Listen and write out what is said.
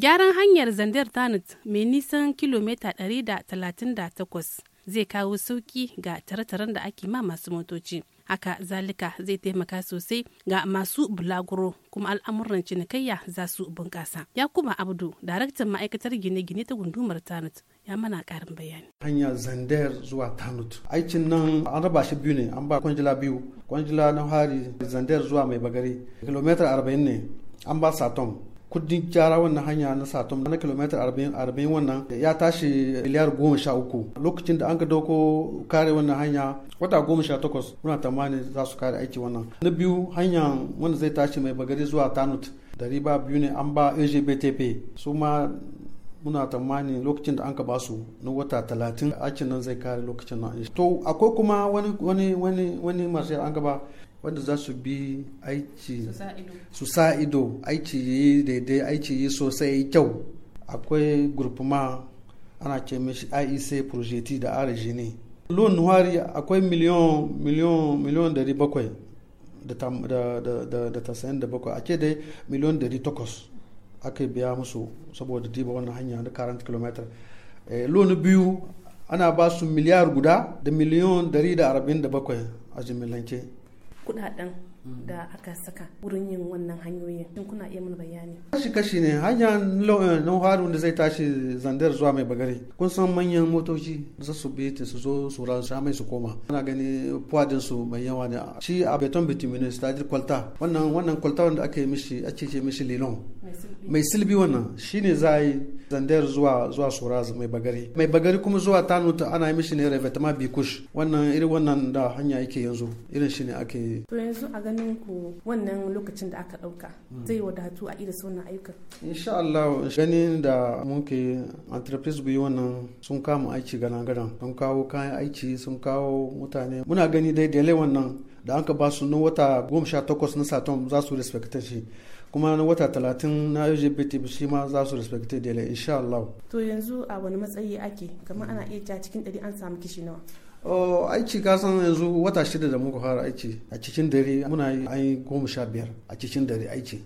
Gyaran hanyar Zandar Tanut mai nisan kilomita 138 zai kawo sauki ga tare-taren da ake ma masu motoci. Haka zalika zai taimaka sosai ga masu bulaguro kuma al'amuran cinikayya za su bunƙasa. kuma Abdu, daraktan ma'aikatar gine-gine ta gundumar Tanut, ya mana karin bayani. Hanya Zander zuwa Tanut. Aikin nan an raba shi biyu ne, an ba kwanjila biyu. Kwanjila na hari Zander zuwa Mai Bagari. Kilomita arba'in ne, an ba Satom. kudin gyara wannan hanya na satum na kilomita arba'in wannan ya tashi miliyar goma sha uku lokacin da an ka dauko kare wannan hanya wata goma sha takwas muna tamanin za su kare aiki wannan na biyu hanya wanda zai tashi mai bagari zuwa tanut dari ba biyu ne an ba agptp su ma muna tsammani lokacin da an ka basu na wata talatin aikin nan zai kare lokacin nan to akwai kuma wani wani wani wani masu an gaba wanda za su bi aiki su sa ido aiki yi daidai aiki yi sosai yi kyau akwai gurfuma ana ce mishi iec projeti da arji ne loan nuhari akwai miliyon miliyon miliyon dari bakwai da da da da da bakwai dai miliyon dari takwas aka biya musu saboda diba wannan hanya na 40 km loni biyu ana ba su miliyar guda da miliyan 147 a jimillance kudaden da aka saka wurin yin wannan hanyoyin shin kuna iya mun bayani kashi kashi ne hanyar eh, haru da zai tashi zandar zuwa mai bagare kun san manyan motoci za su bi su zo su sha mai su koma ana gani puwadin su mai yawa ne shi a beton bituminous ta kwalta wannan wannan kwalta wanda ake mishi ake ce mishi lilon mai silbi wannan shine za yi zandar zuwa zuwa sura mai bagari mai bagari kuma zuwa tanut ana mishi ne revetama bikush wannan irin wannan da hanya yake yanzu irin shi ne ake yi to yanzu a ganin ku wannan lokacin da aka dauka hmm. zai wadatu a irin sunan ayyukan insha Allah ganin da muke entreprise bi wannan sun kama aiki gana-ganan sun kawo kayan aiki sun kawo mutane muna gani dai wannan da an ka ba su na wata goma sha takwas na satom za su respekta shi kuma na wata talatin na lgbt shi ma za su respekta da insha Allah. to yanzu a wani matsayi ake kamar ana iya ta cikin dari an samu kishi nawa aiki ka san yanzu wata shida da muka fara aiki a cikin dare muna yi goma sha biyar a cikin dare aiki